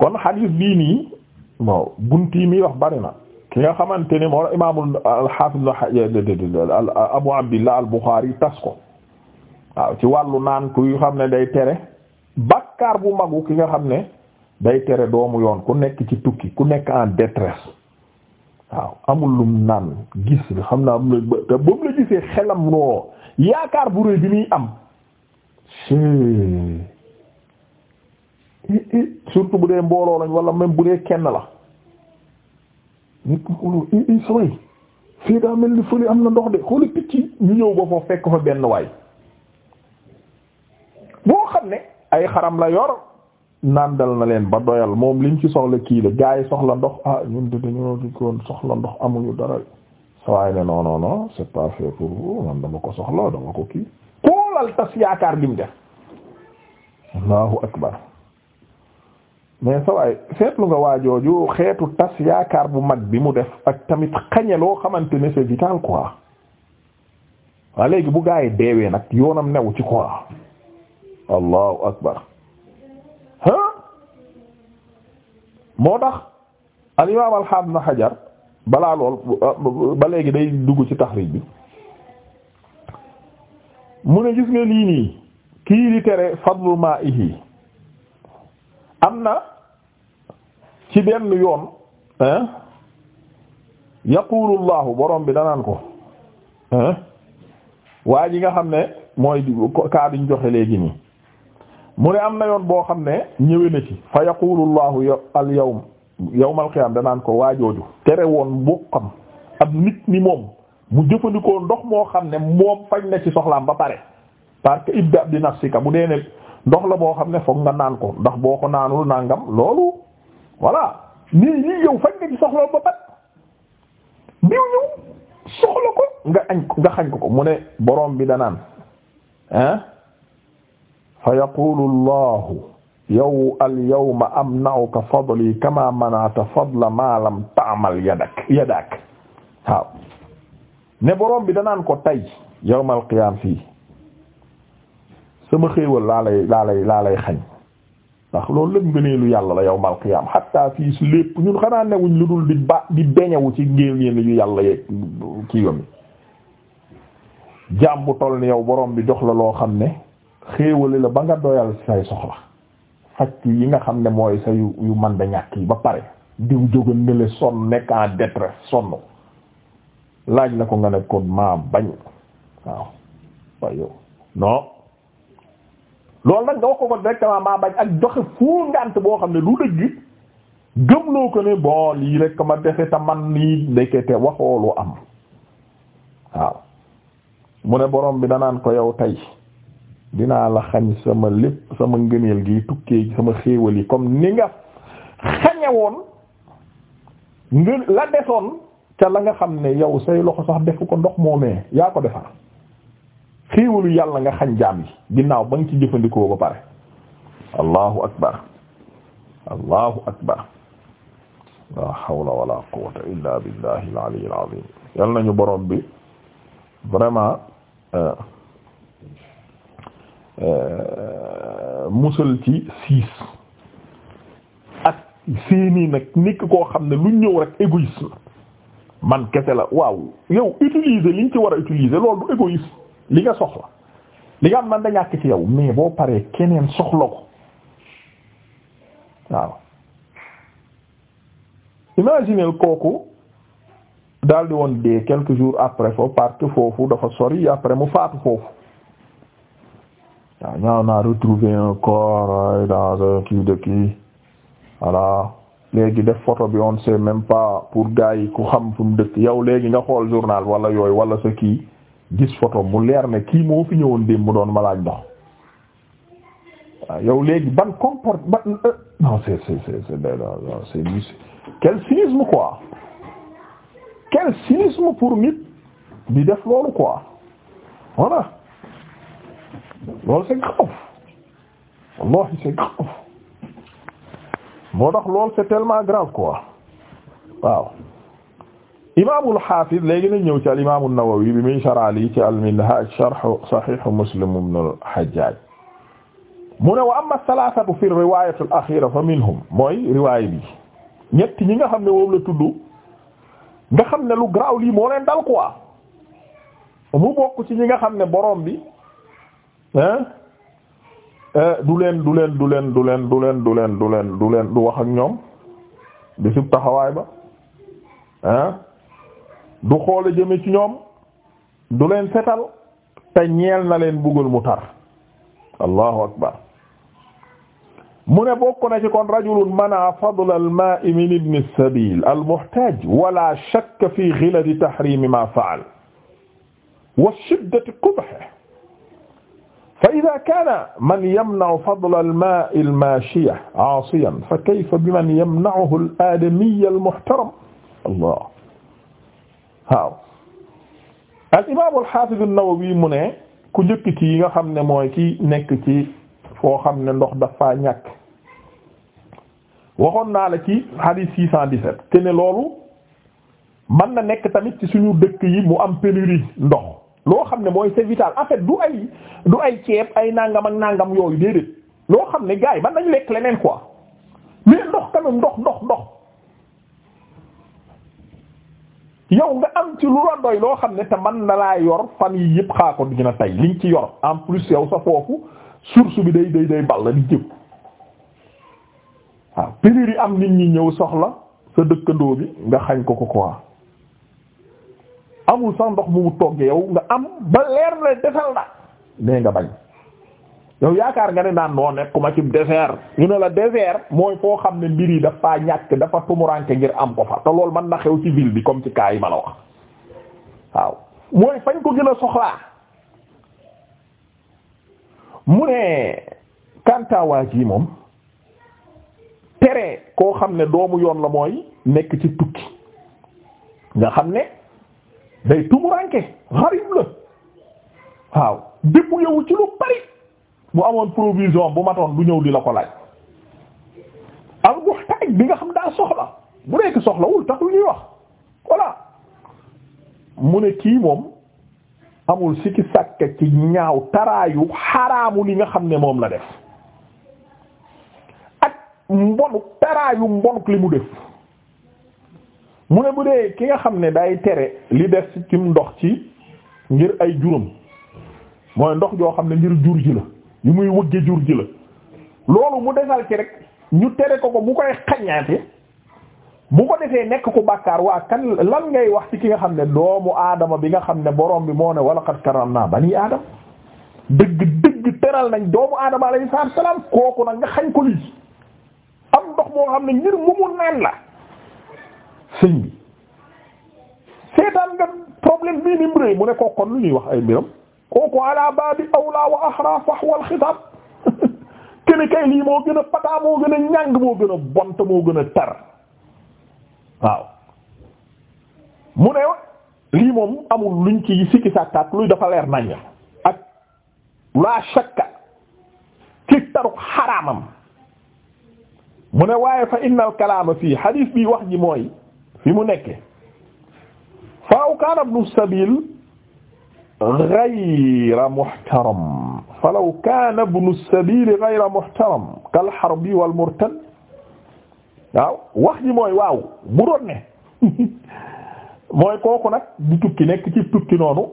kon xadiis bii nii bon bunt yi muy wax bari na ki nga xamante ne moo imaamul alxaafis abu abdillah al buxaari tas ko waaw ci wàllu naan kuy xam ne day tere bakkaar bu magu ki nga xam ne day tere doomu yoon ku nekk ci tukki ku nekk en détresse waaw amul lum naan gis xam naa am la la gisee xelam noo yaakaar bu rëy bi muy am surtout bu dee mbooloo lañ wala même bu dee kenn la nit ku fii daa mel ni fële am na ndox de xooli picc ñu ñëw ba foofu fekk fa benn waay boo xam ne ay xaram la yor naan na leen ba doyal moom liñ ci soxla kii la gaa yi soxla ndox ah ñun de dañoo koon soxla ndox amuñu dara sawaay ne c'est pas fait pour vous man dama ko soxla dama ko kii xoolal tas yaakaar gi mu def allahu akbar mais sa seetlu nga waajooju xeetu tas yaakaar bu mag bi mu def ak tamit xañe loo xamante ne c'est vital quoi waa léegi bu gaa yi deewee nag yoonam new ci quoi allahu akbar ha moo tax al imaam na xajar balaa lool ba léegi day dugg ci taxriij bi mu ne gis nga lii nii kii tere fadlu maa'ihi am na ci benn yoon hein yaqulu borom bi danaan ko hein waa ji nga xam ne mooy kaa biñ joxe léegi nii mu ne am na yoon boo xam ne ñëwee na ci fa yaqulu llahu al yawm yawmal danaan ko waajooju tere woon mbokkam ab nit ni moom mu jëfandikoo ndox moo xam ne moom fañ na ci soxlaam ba pare parce que ibda bi nafsika bu dee ne ndox la boo xam ne fokk nga naan ko ndax boo ko naanul nangam loolu voilà nii ñii yow fañ nga soxla ba pat diw ñëw soxla ko nga xañ ko mu ne boroom bi danaan ah fa yaqulu allahu yow al yawma fadli kama mana'ta fadla ma lam ta'mal yadak yadak waaw ne borom bi danaan ko tey yawmal qiyam fii sama xéewal laa laa lay laa xañ ndax loolu lépp lu yàlla la yawmal qiyaam hatta fii lépp ñun xanaa newuñ lu dul di ba di beñewu ci ngëneelu yu yàlla yeeg kii yom jaam bu toll ni yow boroom bi jox la loo xam ne xéewale la ba nga doyal say soxla faj yi nga xam ne mooy sa yu man da ñàkk yi ba pare diw jóga nele sonn nekk en sonn laaj la ko nga ne kon maa bañ waaw waaye yow non loolu nag nga wax ko ko directement maa bañ ak joxe foo ngant boo xam ne lu dëgg gëmloo ko ne bon lii rek ma defe te man lii ndekete waxoolu am waaw mu ne borom bi na naan ko yow tey dinaa la xañ sama lépp sama ngëneel gi tukkee sama xéewal yi comme ni nga xañe woon nga la desoon ca la nga xam ne yow say loxo sax def ko ndox moomee yaa ko defar xéewalu yàlla nga xañ jaam yi ginnaaw ba nga ci jëfandikoo ba pare allahu akbar allahu akbar la hawla wala quwwata illa billahi al-ali al-azim yal nañu borom bi vraiment euh, euh, musal ci siis ak seeni nag nekk koo xam ne lu ñëw rek égoïsme man kese la waaw yow utiliser liñ ci war a utiliser loolu du li nga soxla li nga am man da ñàkk ci yow mais boo paree keneen soxla ko waaw imaginez kooku daal di woon dee quelques jours après foofu parce foofu dafa sori après mu faatu foofu waaw ñaaw naa retrouvé un euh, dans un kii de kii léegi def photo bi on sait même pas pour gars ku xam fu mu dëkk yow léegi nga xool journal wala yooyu wala sa kii gis photo mu leer ne kii moo fi ñëwoon démb mu doon malaaj laaj waaw yow léegi ban comporte ban euh, non c'est c'est c'est c'est c'est quel cynisme quoi quel cynisme pour nit di def loolu quoi voilà loolu c'est grave wallahi c'est grave moo tax loolu c'est tellement grave quoi waaw imaamul xaafiz léegi nañ ñëw ci al imaamu Nawawi bi muy saraali ci al minhaaj sharh sahiih Muslim ibn al Hajjaaj mu ne wa amma salaasatu fi riwaayati al axiira fa minhum mooy riwaay bi ñett ñi nga xam ne moom la tudd nga xam ne lu garaaw lii moo leen dal mu bokk ci ñi nga xam ne borom bi euh, du leen du leen du leen du leen du leen du leen du leen du leen du wax ak ñoom bisub taxawaay ba ah. du xoole jëme ci ñoom du leen setal te ñeel na leen buggal mu tar allahu akbar mu ne bokk na ci kon rajulun mana fadl al ma'i min ibn as-sabil al muhtaj wala shakk fi ghiladi tahrimi ma fa'al wa shiddati qubhihi fa idha kana man yamna'u fadl al ma'i al mashiya 'asiyan fa kayfa biman yamna'uhu al adami al muhtaram allah waaw al imaam al xaafis an mu ne ku njëkk ci yi nga xam ne mooy ki nekk ci foo xam ne ndox dafa ñàkk waxoon naa la ci hadith six cent dix-sept te loolu man na nekk tamit ci suñu dëkk yi mu am pénurie ndox loo xam ne mooy c'est vital en fait du ay du ay ceeb ay nangam ak nangam yooyu déedéet loo xam ne gars man mën nañu lekk leneen ko mais ndox tamit ndox ndox ndox yow nga am ci lu la doy loo xam ne te man na laa yor fan yi yëpp xaa ko dina tey liñ ci yor en plus yow sa foofu source bi day day day la di jëpp waaw yi am nit ñi ñëw soxla sa dëkkandoo bi nga xañ ko ko quoi amul sax ndox bu mu toggee yow nga am ba leer na defal na nee nga bañ yow yaakaar nga ne naan noo nekkuma ci désert ñu ne la désert mooy foo xam ne mbir yi dafa ñàkk dafa tumuranke ngir am ko fa te loolu mën na xew ci ville bi comme ci cas ma la wax waaw mooy fañ ko gën a soxlaa mu ne kantawaa ji moom tere koo xam ne doomu yoon la mooy nekk ci tukki nga xam ne day tumuranke xarib la waaw déppu yow ci lu bari bu amoon provision bu matoon bu ñëw di la ko laaj al muhtaaj bi nga xam daa soxla bu nekk soxlawul taxul ñuy wax voilà mu ne kii moom amul sikki sàkk ci ñaaw taraayu xaraamu li nga xam ne moom la def ak mbonu taraayu mbonuk li mu def mu ne bu dee ki nga xam ne daay tere li def ci ndox ci ngir ay juróom mooy ndox joo xam ne ngir jur ji la yu muy wëgge jur ji la loolu mu desal ci rek ñu tere ko ko bu koy xaññaate bu ko defee nekk ku bàkkaar waa kan lan ngay wax ci ki nga xam ne doomu aadama bi nga xam ne borom bi moo ne wala qad karramna bani aadam dëgg dëgg teral nañ doomu aadama alayhi salaam kooku nag nga xañ ko lii am ndox moo xam ne ngir mumul naan la sëñ bi seetaan nga problème bii mu rëy kon lu ñuy wax ay mbiram kooku ala babi awla wa ahra fahwa al xitab kene kay lii moo gën a pataa moo gën a ñàng moo gën a bont moo gën a tar waaw mu ne lii moom amul luñ ci sikki sàkkaat luy dafa leer naññ ak la shakka ci taruk xaraamam mu ne waaye fa innal kalaama fii hadith bi wax ji mooy fi mu nekke faraw kaana ibnu sabil ghayra muhtaram falaw kaana ibnu sabiil ghayra muhtaram kal harbi wal murtad waaw wax ji mooy waaw bu doon ne mooy kooku nag di tukki nekk ci tukki noonu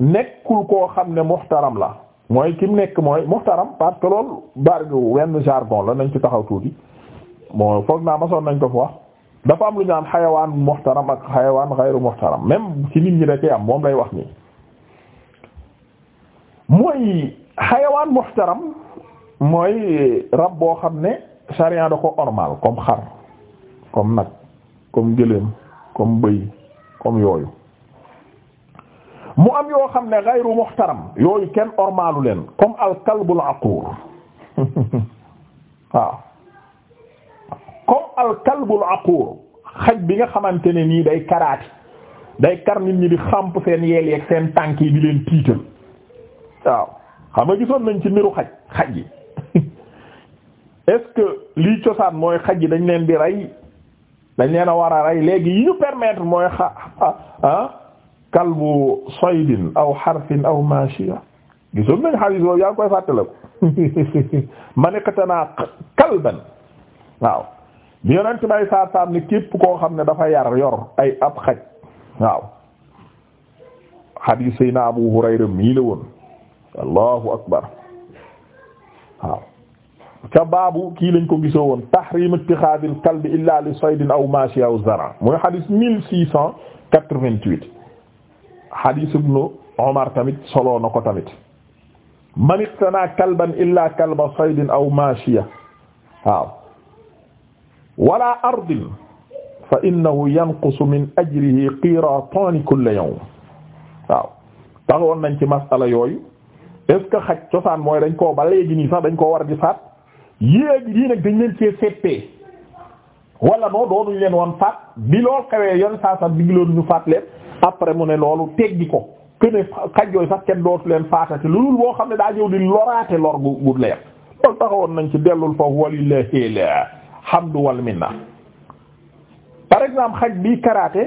nekkul koo xam ne muhtaram la mooy ki mu nekk mooy muhtaram parce que loolu bargu wenn jargon la nañ ci taxaw tuuti moo foog naa masoon nañ ko fi wax dafa am lu ñu naan xayawaan muhtaram ak xayawaan xayru muhtaram même ci nit ñi da am moom lay wax nii mooy xayawaan muhtaram mooy rab boo xam ne sharia da ko normal comme xar comme nag comme gëléem comme bëy comme yooyu mu am yoo xam ne xayru muhtaram yooyu kenn ormaalu leen comme al kalbul aqur waaw comme al kalbul aquur xaj bi nga xamante ne nii day karaati day kar nit ñi di xamp seen yeel yeeg seen tànk yi di leen tiital waaw xam nga gisoon nañ ci mbiru xaj xaj yi est lii cosaan mooy xaj yi dañ leen di rey dañ leen a war a rey léegi yi ñu permettre mooy xa ah kalbu soydin aw xarfin aw maashiya gisoon nañ xalis boobu yaa ngi koy fàttale ko maniqatana kalban waaw bi yonent bay xam ne dafa yar yor ay ab xaj waaw xadiis sayna Abu Hurayra mii akbar waaw ca baabu kii lañ ko gisoo woon tahrim ittixaadil kalbi illa li aw mashi aw zara muy xadiis mille six cent tamit soloo na ko tamit man iqtana kalban illa kalba saydin aw mashiya waaw wala ardin fa innahu yanqusu min ajrihi qirataan kulla yow waaw woon nañ ci masala yooyu est ce xaj cosaan mooy dañ koo ba léegi nii sax dañ koo war di faat yéegi dii nag dañ leen cee seppee wala noo doonuñ leen woon faat bi lool xawee yoon saa sax digloon ñu faat leen après mu ne loolu teggi ko que ne xaj yooyu sax kenn dootu leen faatati loolu boo xam ne daa ñëw di loraate lor gu gu leer loolu taxawoon nañ ci dellul foofu walillahi la xam wal minna par exemple xaj bi karaté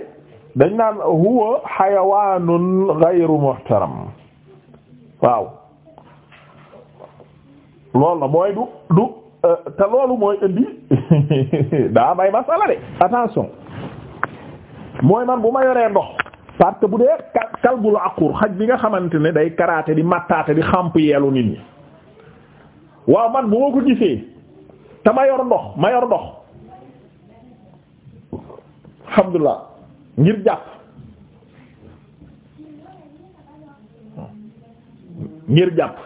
dañ naan huwa xayawaanun ghayru muhtaram waaw loolu mooy du du euh, te loolu mooy indi daa may masala de attention mooy man bu ma yoree ndox parce que bu dee kalbul aqur xaj bi nga xamante ne day karaté di mattaate di xàmp yeelu nit ñi waaw man bu ma ko gisee te ma yor ndox ma yor ndox alhamdulilah ngir jàpp ngir jàpp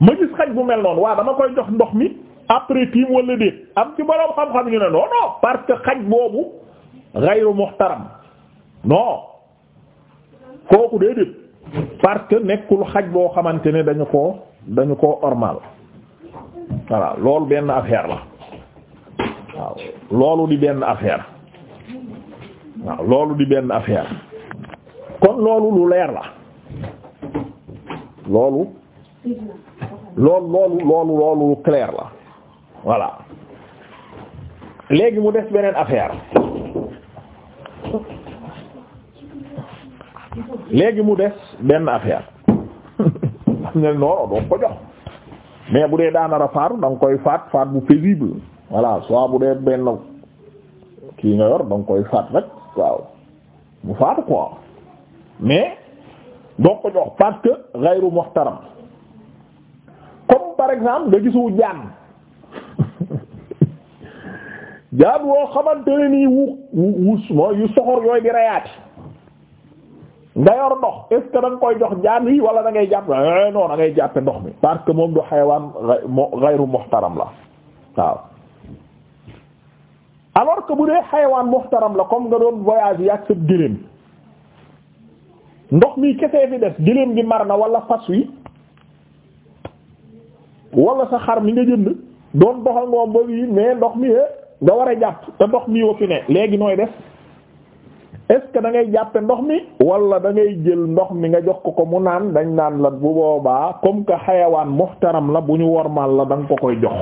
ma gis xaj bu mel noonu waa dama koy jox ndox mi après tiim wala déet am ci borom xam-xam ñu ne non non parce que xaj boobu ghayru muhtaram non kooku déedéet parce que nekkul xaj boo xamante ne dañu ko dañu ko ormal voilà loolu benn affaire la waaw loolu di benn affaire waaw loolu di benn affaire kon loolu lu leer la loolu loolu loolu loolu lu clair la voilà léegi mu des beneen affaire léegi mu des benn affaire noonu doo ko jox mais bu dee daanara faatu da nga koy faat faat bu paisible voilà soit bu dee benn kii nga yor da koy faat rek waaw mu faatu quoi mais doo ko jox parce que ghayru muhtaram comme par exemple nga gisu jaan nga yor ndox est ce que da koy jox jaan wi wala da ngay jàpp eh, non a ngay jàppe ndox mi parce que moom du xayawaan gayru muhtaram la waaw alors que bu dee xayawaan muhtaram la comme nga doon voyage yi ak sa ndox mi kesee fi des gëléem gi mar na wala fas wi wala sa xar mi nga jënd doon doxal ngoom ba yi mais ndox mi eh, nga war a jàpp te ndox mi wa fi ne léegi nooy def est-ce que da ngay jàppe ndox mi walla da ngay jël ndox mi nga jox ko ko mu naan dañ naan la bu boobaa comme que xayawaan muhtaram la bu ñu wormaal la da ko koy jox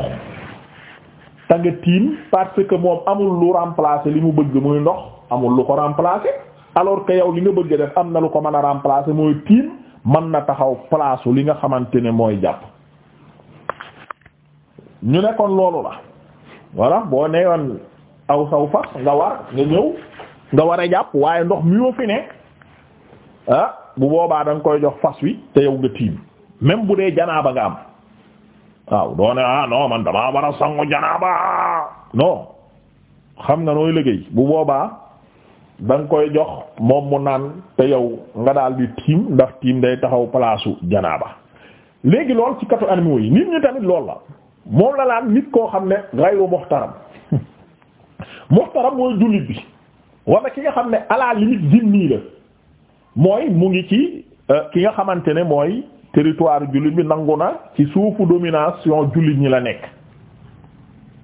te nga tiim parce que moom amul lu remplacer li mu bëgg muy ndox amul lu ko remplacer alors que yow li nga bëgg def am na lu ko mën a remplacer mooy tiim mën na taxaw place li nga xamante ne mooy jàpp ñu nekkoon loolu la voilà boo newoon aw saw fa nga war nga ñëw nga war a jàpp waaye ndox mi fi nekk ah, bu boobaa da koy jox fas wi te yow nga tiim même bu dee janaaba nga am waaw doo ne ah non man damaa war a sangu janaaba non xam nga nooy liggéey bu boobaa da koy jox moom mu naan te yow nga daal di tiim ndax tiim day taxaw palaasu janaaba léegi lool ci katu animaux yi nit ñi tamit lool la moom la laan nit koo xam ne gayru muhtaram muhtaram mooy jullit bi wala ki nga xam ne à la limite zimmi la mooy mu ngi ci euh, ki nga xamante ne mooy territoire jullit bi nangu na ci suufu domination jullit ñi la nekk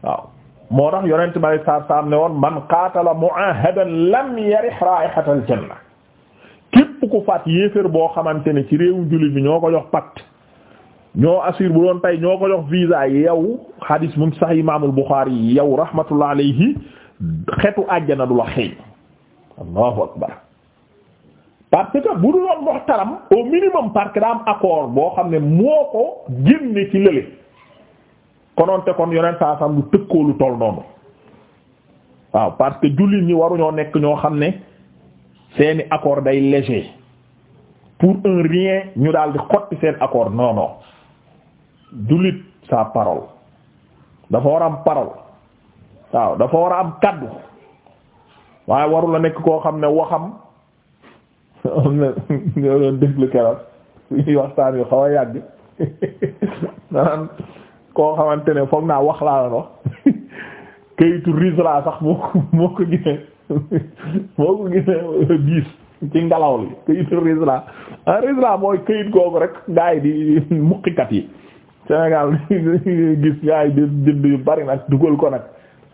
waaw moo tax yonent may saar saam ne woon man qaatala mu'ahadan lam yarih raihatal janna képp ku faat yéeféer boo xamante ne ci réewum jullit bi ñoo ko jox pacte ñoo assure bu doon tey ñoo ko jox visa yow hadis mu ngi sax imaamul yi yow rahmatullah alayhi xetu àjjana du la xeeñ allahu akbar parce que bu dul woon muhtaram au minimum parce que daa am accord boo xam ne moo ko génne ci lële konoonte kon yoneen saa sam lu toll noonu waaw parce que jullit ñi waruñoo nekk ñoo xam ne seeni accord day léger pour un rien ñu daal di xotti seen accord non non jullit sa parole dafa war a am parole waaw dafa war am kaddu. waaye waru la nekk koo xam ne waxam am na ñoo doon déglu keroog suñuy yu xaw a yàgg koo xamante ne foog naa wax laa la wax kayitu risla sax moo ko moo moo ko gisee diis ci ngelaw li kayitu risla ah risla mooy kayit kooku rek gaa yi di muqikat yi Sénégal gis gaa yi di bind yu bari nag dugal ko nag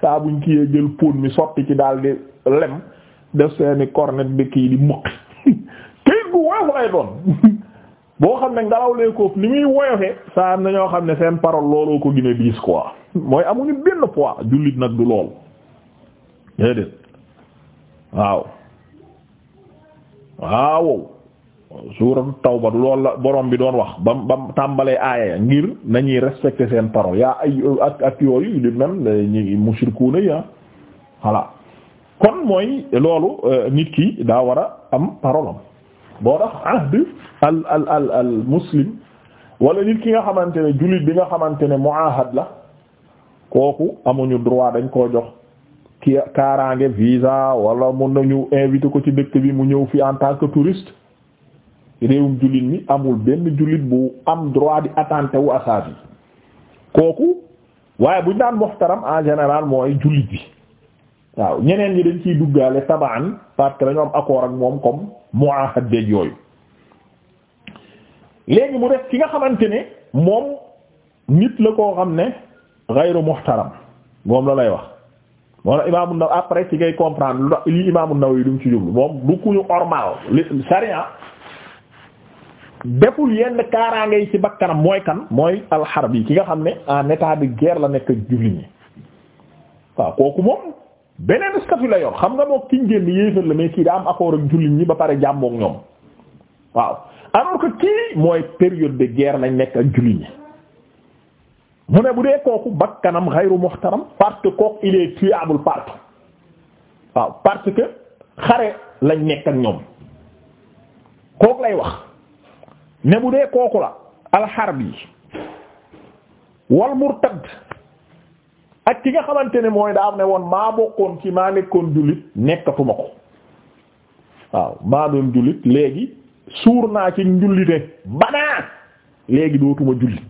saa buñ kiyee jël pon mi sotti ci daal di lem def seeni cornet bi kii di mukki këyit gu woyof lay doon boo xam ne ngelaw lee koof ni muy woyofee saa am na ñoo xam ne seen parole looloo ko gën a diis quoi mooy amuñu benn poids jullit nag du lool déedéet waaw waaw suuratu tawba du lool la borom bi doon wax ba bam tàmbalee aaya ngir nañuy respecter seen parole yaa ay ak ak yooyu di même ñi mushrikuuna yi ah. voilà kon mooy loolu euh, nit ki daa war a am parole am boo tax ahd al al al muslim wala nit ki nga xamante ne jullit bi nga xamante ne muahad la kooku amuñu droit dañ ko jox ki kaaraange visa wala mun ñëw invité ko ci dëkk bi mu ñëw fi en tant que touriste réewum jullit mi amul benn jullit bu am droit di attenter wu yi kooku waaye buñ daan muhtaram en général mooy jullit bi waaw ñeneen ñi dañ ciy duggaale tabaan parce que dañu am accord ak moom comme muahad déeg yooyu léegi mu def ki nga xamante ne moom nit la koo xam ne ghayru muhtaram moom la lay wax moom la imaamu Nawawi après ki ngay comprendre li imaamu Nawawi du mu ci jublu moom du ku ñu normal li sariya deful yenn kaaraange yi ci bakkanam mooy kan mooy yi ki nga xam ne en état de guerre la nekk julli ñi waaw kooku moom beneen statut la yor xam nga moom ki ngeen di yéefar kii am accord ak julli ñi ba pare jàmboog ñoom waaw mooy période de guerre lañ nekk ak julli ñi mu ne bu dee kooku bakkanam xayru muhtaram parce que kooku il est tuable partout waaw parce que xare lañ nekk ak ñoom kooku lay wax. ne bu dee kooku la alxarbi wal murtad ak ki nga xamante ne mooy daa am ne woon maa bokkoon ci maa nekkoon jullit nekkatuma ko waaw maa doon jullit léegi suur naa ci njullite banaa léegi dootuma julli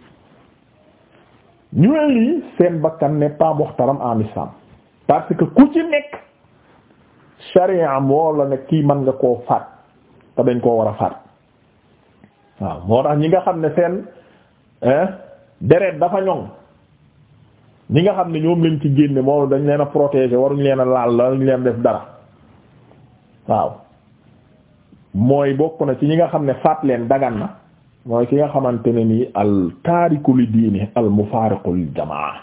ñu ne lii seen bakkan n'est pas muhtaram en islam parce que ku ci nekk sharia moo la ne kii mën nga koo faat te dañ koo war a faat waaw moo tax ñi nga xam ne seen deret dafa ñoŋ ñi nga xam ne ñoom lañ ci génne moom dañ leen a protéger waruñ leen a laal lañ leen def dara waaw mooy bokk na ci ñi nga xam ne faat leen dagan na mooy ki nga xamante ne nii al taariku li diini al mufaariqu lil jamaa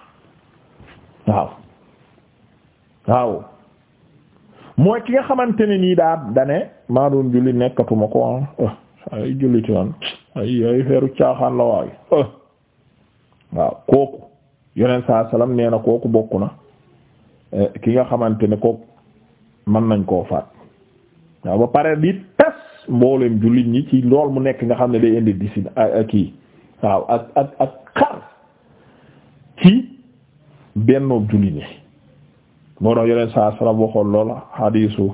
waaw waaw mooy ki nga xamante ne nii daa dane maa doon julli nekkatuma ko ah ay jullit man ay ay caaxaan la waaye ah. waaw kooku yeneen saa salaam nee na kooku bokk na eh, ki nga xamante ne kooku mën nañ koo faat waaw ba pare di tas mboolem jullit ñi ci lool mu nekk nga xam ne day indi disine ak kii waaw ak ak ak xar ci bennoo jullit ñi moo tax yeneen saa salaam waxoon lool xadiisu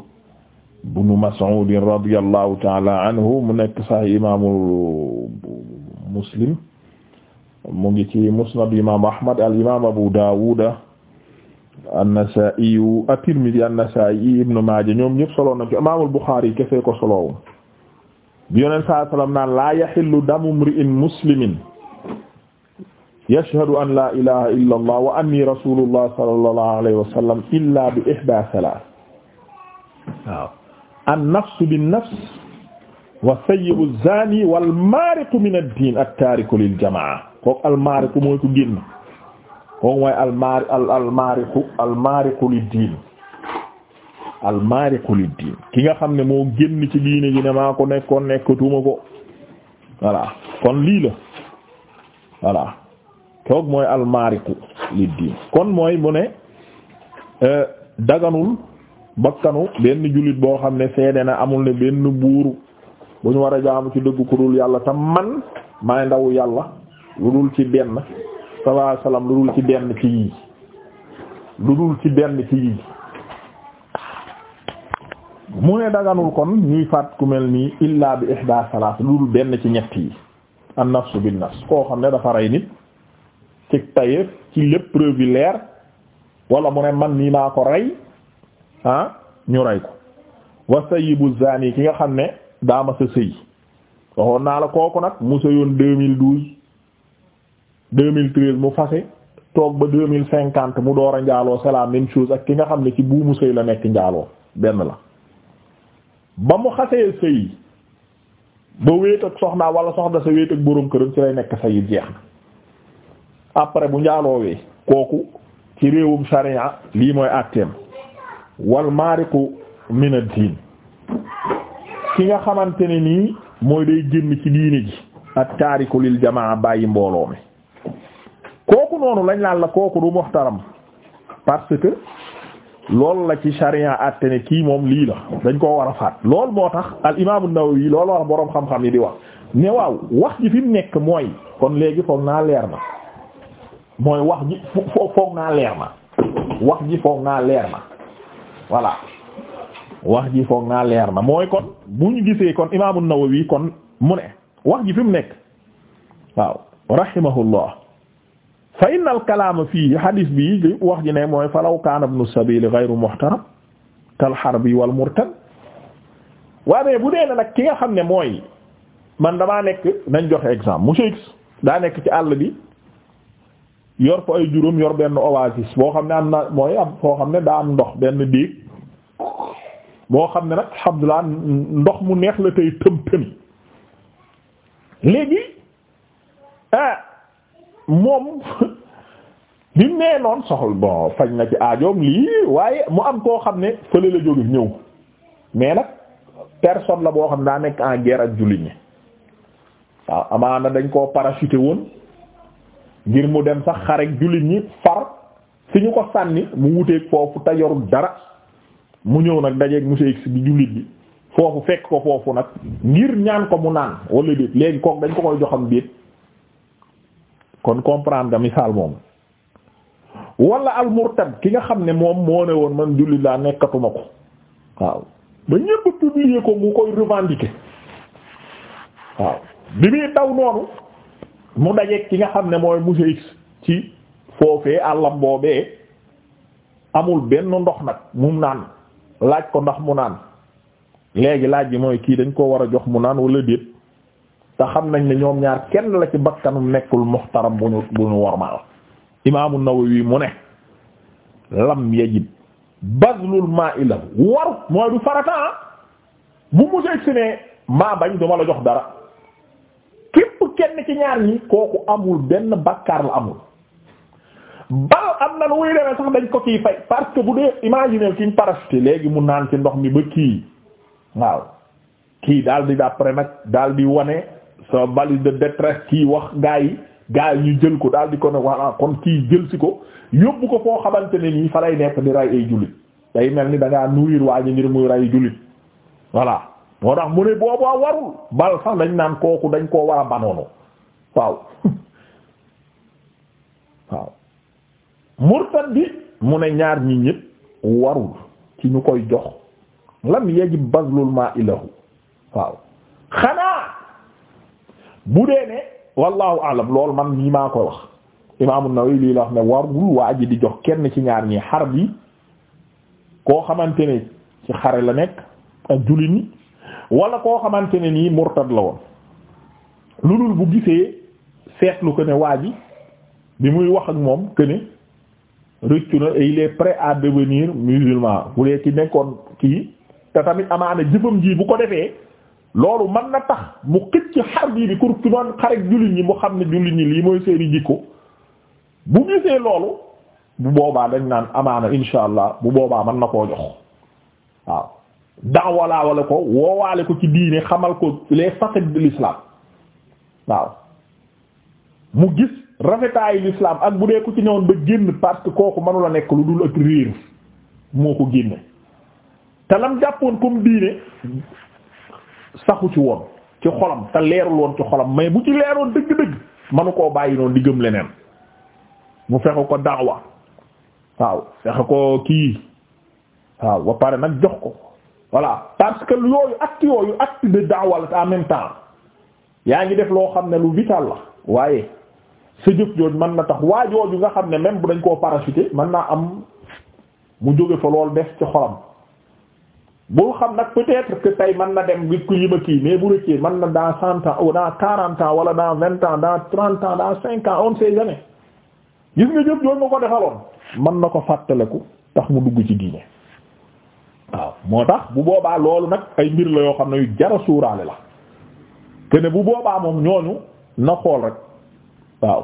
ibnu Mas'ud radiyallahu ta'ala anhu mu nekk sahih imaamu Muslim mu ngi ci musnad imam Ahmad al imam Abu Dawud an-Nasa'i at-Tirmidhi an-Nasa'i ibnu Maaja ñoom ñëpp solo na ci imam al-Bukhari kese ko solowoon bi yonent saa sallam naan la yahillu damu mri'in muslimin yashhadu an la ilaha illa allah wa anni rasulullah sallallahu alayhi wa sallam illa bi ihda thalath waaw an nafsu bin nafs wa sayyibu zani wal maariqu min ad-diin at-taariku lil jamaa kooku al maariqu mooy ku génn kooku mooy al maariqu al diin ki nga xam ne moo génn ci diine ji ne maa ko nekkoon nekkatuma ko voilà kon lii la voilà kooku mooy al maariqu lid diin kon mooy mu ne euh, daganul. bakkanu benn jullit boo xam ne seede na amul ne benn buur bu ñu war a jaamu ci dëgg ku dul yàlla te man maay ndawu yàlla lu dul ci benn sallallahu lu dul ci benn ci yii lu ci benn ci yii mu ne daganul kon ñuy faat ku mel nii illaa bi ihda salas lu dul benn ci ñett yi an nafsu bin nafs koo xam ne dafa rey nit ci tayeef ci lépp preuve leer wala mu ne man nii maa ko rey ah ñu rey ko wa sayyibu zani ki nga xam ne daa ma sa sëy waxoon naa la kooku nag mu sëyoon deux mille douze deux mille treize mu fase toog ba deux mille cinquante mu door a njaaloo selaa la même chose ak ki nga xam ne ci buumu sëy la nekk njaaloo benn la ba mu xasee sëy ba wéet ak soxnaa wala soxna sa wéet ak boroom këram ci lay nekk sayid jeex na après bu njaaloo njaaloowee kooku ci réewum sharia lii mooy àtteem wal maariqu min ad-diin ki nga xamante ne nii mooy day génn ci diine ji ak taariku lil jamaa bàyyi mbooloo mi kooku noonu lañ laal la kooku du muxtaram parce que loolu la ci sharia àtte ne kii moom lii la dañ koo war a faat loolu moo tax al imaamu Nawawi loolu wax boroom xam-xam yi di wax ne waaw wax ji fi nekk mooy kon léegi foog naa leer na mooy wax ji foog naa leer na wax ji foog naa leer na voilà wax ji foog naa leer na mooy kon bu ñu gisee kon imaam an-Nawawi kon mu ne wax ji fi mu nekk waaw rahimahullah fa inna al-kalaama fii hadis bi wax ji ne mooy falaw kaana ibnu sabiil ghayru muhtaram kal yi wal murtad waaye bu dee nag ki nga xam ne mooy man damaa nekk nañ joxe exemple monsieur X daa nekk ci àll bi yor fa ay juróom yor benn oasis boo xam ne am na mooy am foo xam ne daa am ndox benn déeg moo xam ne nag alhamdulilah ndox mu neex la tey tëm tëm léegi ah, moom li mu nee noonu soxal bon faj na ci aajoom lii waaye mu am koo xam ne fële la jóge ñëw mais nag personne la boo xam ne daa nekk en guerre ak jullit ñi waaw amaana dañ koo parachuté woon ngir mu dem sax xare ak jullit ñi far fi ñu ko sànni mu wuteeg foofu te yorul dara. mu ñëw nag dajeeg monsieur X bi jullit bi foofu fekk ko foofu nag ngir ñaan ko mu naan walla déet léegi kook dañ ko koy joxam déet kon comprendre nga misaal moom wala al ki nga xam ne moom moo ne man jullit laa nekkatuma ko waaw taw noonu mu dajeeg ki nga xam ne mooy monsieur X ci foofee àllam boobee amul benn ndox nag mum naan laaj ko ndax mu naan léegi laaj bi mooy kii dañ koo war a jox mu naan wala déet te xam nañ ne ñoom ñaar kenn la ci bakkanum nekkul muxtaram bu ñu bu ñu wormaal imaamu Nawawi mu ne lam yajib bazlul maa'i la waru mooy du farata ah. bu mujjee si ne maa bañ duma la jox dara képp kenn ci ñaar ñi kooku amul benn bakkaar la amul bal am na lu muy demee sax dañ ko kii fay parce que bu dee imaginer ki ñu parachuté léegi mu naan si ndox mi ba kii waaw kii daal di d'après nag daal di wane sa valise de détresse kii wax gaa yi gaa yi ñu jël ko daal di ko ne voilà kon kii jël si ko yóbbu ko foo xamante ne nii fa lay nekk di ray ay jullit day mel ni da ngaa nourrir waa ji ngir muy ray jullit voilà moo tax mu ne boobaa warul bal sax dañ naan kooku dañ koo war banoonu waaw waaw. murtad bi mu ne ñaar ñi ñëpp warul ci ñu koy jox lam yajib bazlul ma ilahu waaw xanaa bu dee ne wallahu alam loolu man nii maa koy wax imaamu Nawawi lii la wax ne warul waa ji di jox kenn ci ñaar ñi xar bi koo xamante ne ci xare la nekk ak jullit ñi wala koo xamante ne nii murtad la woon lu dul bu gisee seetlu ko ne bi muy wax ak moom que rëccu na et il est prêt à devenir musulman bu dee ci nekkoon kii te tamit amaana jëfam jii bu ko defee loolu man na tax mu xëcc xar bii bi pour ci jullit ñi mu xam ne jullit ñi lii mooy seeni jikko bu gisee loolu bu boobaa dañ naan amaana insha allah bu boobaa man na koo jox waaw daawalaawale ko woowaale ko ci diine xamal ko les facettes de l'islam waaw mu gis rafetaayu lislaam ak bu dee ku ci ñëwoon ba génn parce que kooku mënula nekk lu dul ak réer moo ko génne te lam jàppoon comme diine saxu ci woon ci xolam te leerul woon ci xolam mais bu ci leeroon dëgg-dëgg manu koo bàyyi noonu di gëm leneen mu fexe ko daawa waaw fexe ko kii waaw ba pare nag jox ko voilà parce que yooyu acte yooyu acte la temps yaa ngi def loo xam ne lu vital la waaye sa jëf jooju mën na tax waa jooju nga xam ne même bu dañ koo parachuté man naa am mu jóge fa loolu des ci xolam bul xam nag peut-être que tey mën na dem nit ku yima kii mais bu rëccee man na dans cent ans ou quarante ans wala dans vingt ans dans trente ans dans cinq ans on sait jamais gis nga jëf jooju nga ko defaloon mën na ko fàttaleku tax mu dugg ci diine waaw moo tax bu boobaa loolu nag ay mbir la yoo xam ne yu jara suuraale la te ne bu boobaa moom ñooñu na xool rek waaw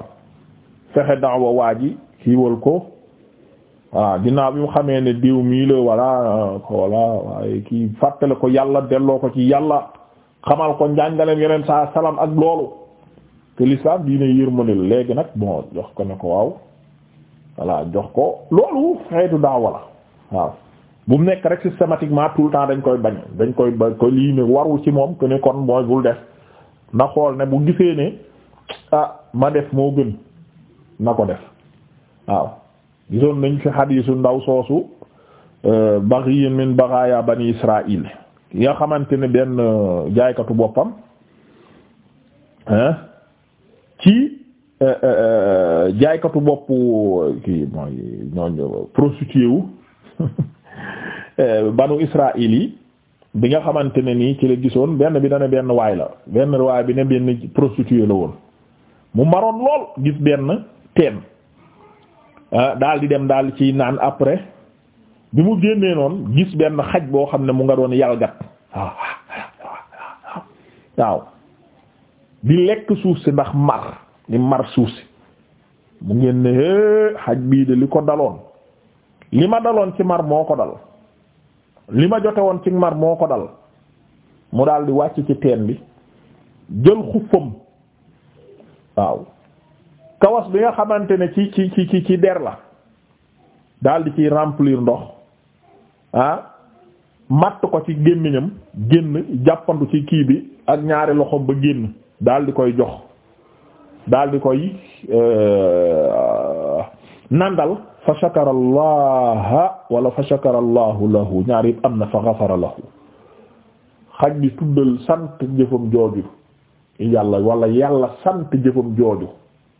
fexe daawa waa ji kiiwal ko voilà ginnaaw bi mu xamee ne diw mii la voilà voilà waaye kii fàttale ko yàlla delloo ko ci yàlla xamal ko njàngaleem yeneen sa salaam ak loolu te l'islam diine yërmande léegi nag bon jox ko ne ko waaw voilà jox ko loolu xeetu daawa la waaw bu mu nekk rek systématiquement tout le temps dañ koy bañ dañ koy bañ ko lii ne waru ci moom que ne kon mooy bul def na xool ne bu gisee ne ah ma def moo gën na ko def waaw gisoon nañ fi xadiisu ndaw soosu euh, baghi min baghaya bani israil yi nga xamante ne benn euh, jaaykatu boppam ci euh, jaaykatu bopp ki mooy ñooñ prostitué wu banu israil yi bi nga xamante ne nii ci la gisoon benn bi dana benn waay la benn waay bi ne benn prostitué la woon mu maroon lool gis benn teen ah, daal di dem daal ciy naan après bi mu génnee noon gis benn xaj boo xam ne mu nga doon yalgat ah, ah, waaw di lekk suuf si ndax mar di mar suuf si mu ngeen ne eh, xaj bii de li ko daloon li ma daloon ci mar moo ko dal li ma jote woon ci mar moo ko dal mu daldi wàcc ci teen bi jël xuffam waaw kawas bi nga xamante ne ci ci ci ci ci der la daldi di ciy remplir ndox ah matt ko ci gémmiñam génn jàppandu ci kii bi ak ñaari loxoom ba génn daal di koy jox daldi koy euh, nandal fa shakara allaha wala fa shakara allahu lahu ñaar yëpp am na fa ghafara lahu xaj bi tuddal sant jëfam jooju yàlla walla yàlla sant jëfam jooju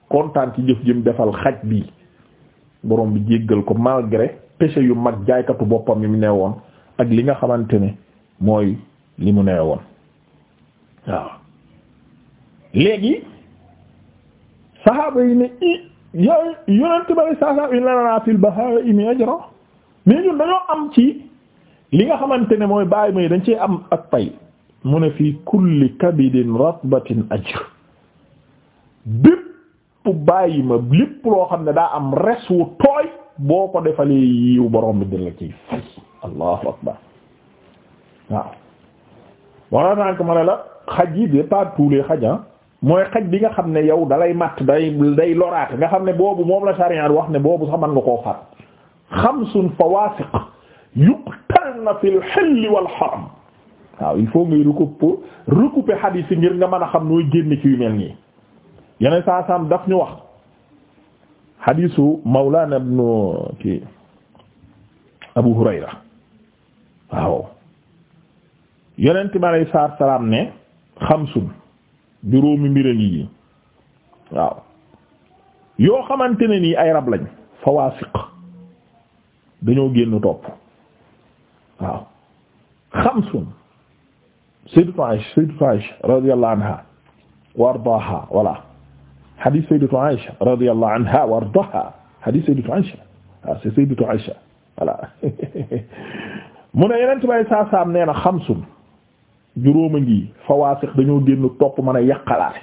kontaan ci jëf jëm defal xaj bi borom bi jéggal ko malgré péché yu mag jaaykatu boppam yi mu nee woon ak li nga xamante ne mooy li mu nee woon waaw léegi saxaaba yi ne i yooyu yonent bari saasaam in lananaa fil bahaa'imi ajra mais ñun dañoo am ci li nga xamante ne mooy bàyyi may dañ ci am ak pay mu ne fii kulli kabidin ratbatin ajr bépp bàyyi ma lépp loo xam ne daa am res wu tooy boo ko defalee yiw borom bi dina la ciy fay allahu akbar waaw wala naank ma ne la xaj yi de pas tous les ah. mooy xaj bi nga xam ne yow dalay matt day day loraate nga xam ne boobu moom la sariyaan wax ne boobu sax mën nga koo faat xamsun fawasiq yuqtalna fil hilli wal haram waaw il faut ngay recouper recouper xadiis yi ngir nga mën a xam nooy génn ci yu mel nii yeneen saa saam daf ñu wax xadiisu Mawlana ibn ki Abu Hurayra waaw yonent mi alayhi salaatu salaam ne xamsun juróomi mbir a ngi yi waaw yoo xamante ne nii ay rab lañ fawaasiq dañoo génn topp waaw xamsun sayyidatu Aïsha sayyidatu Aïsha radiyallahu anha wa ardaaha voilà hadith sayyidatu Aïsha radiyallahu anha wa ardaaha hadith sayyidatu Aïsha ah c'est mu ne yeneen tubaab yi saa saam nee na xamsun juróoma ngi fawaasiq dañoo génn topp mën a yàqalaate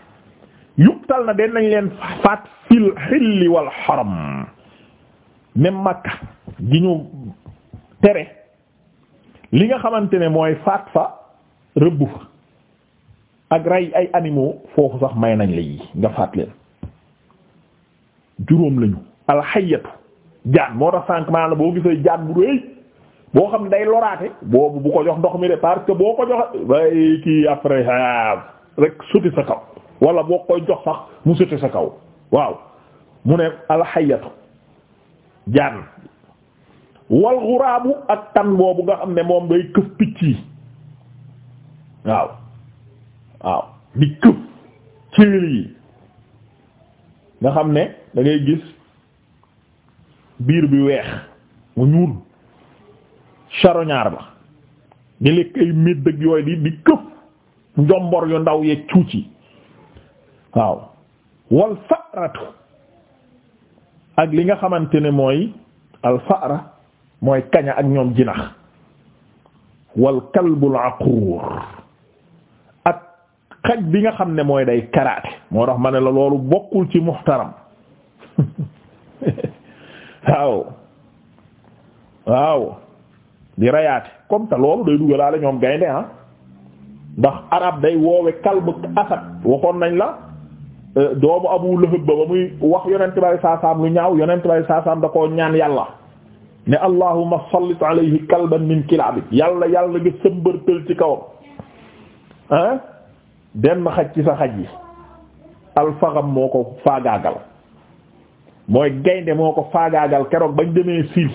yuktal na den nañ leen faat fil xilli wal xaram même Makka gi tere li nga xamante ne mooy faat rëbb fa ak rey ay animaux foofu sax may nañ la yi nga faat leen juróom lañu alxayatu jaan moo tax sànq maanaam boo gisee jaan bu rëy boo xam ne day loraate boobu bu ko jox ndox mi de parce que boo ko joxe bay kii après ah rek suti sa kaw wala boo koy jox sax mu suti sa kaw waaw mu ne alxayatu jaan wal xuraabu ak tan boobu nga xam ne moom day këf picc yi waaw waaw di këp céeli yi nga xam ne dangay ngay gis biir bi weex mu ñuul charognard la di lekk ay médd ak yooyu di di këp njombor yu ndaw yeeg cuuc yi waaw wal faratu ak li nga xamante ne mooy al fara mooy kaña ak ñoom jinax wal kalbul aqur xaj bi nga xam ne mooy day karaate moo tax ma ne la loolu bokkul ci muxtaram waaw waaw di rayaate comme te loolu day dugalaale ñoom gaynde ah ndax arab day woowe kalb asad waxoon nañ la euh, doomu abu lahab ba muy wax yonent bay saasaam lu ñaaw yonent bay saasaam da koo ñaan yàlla ne allahumma sallit alayhi kalban min kilaabi yàlla yàlla nga sëmbërtël ci kawam benn xaj ci sa xaj yi alfaxam moo ko faagaagal mooy gaynde moo ko faagaagal keroog bañ demee siis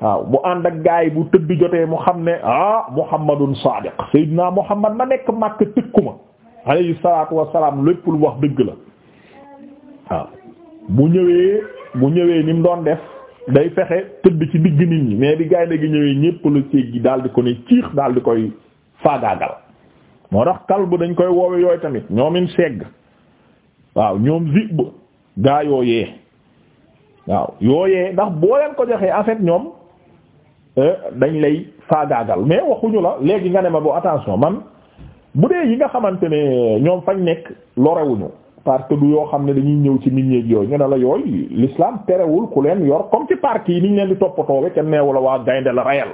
waaw mu ànd ak gaay bu tëdd jotee mu xam ne ah muhammadun saadiq sayyidina muhammad ma nekk màkk tëkku ma alayhi salaatu wassalaam lépp lu wax dëgg la waaw bu ñëwee bu ñëwee ni mu doon def day fexe tëdd ci digg nit ñi mais bi gaynde gi ñëwee ñépp la ceeg gi daal di ko ne ciix daal di koy faagaagal moo tax kalbu dañ koy woowe yooyu tamit ñoomin segg waaw ñoom zib gaa yooyee waaw yooyee ndax boo leen ko joxee en fait ñoom euh, dañ lay faagaagal mais waxuñu la léegi nga ne ma bu attention man bu dee yi nga xamante ne euh, ñoom fañ nekk lorewuñu parce que du yoo xam ne dañuy ñëw ci nit ñeeg yooyu ñu ne la yooyu l'islam terewul ku leen yor comme ci parc yi niñ leen di toppatoowe kenn neewu la waa gaynde la rayal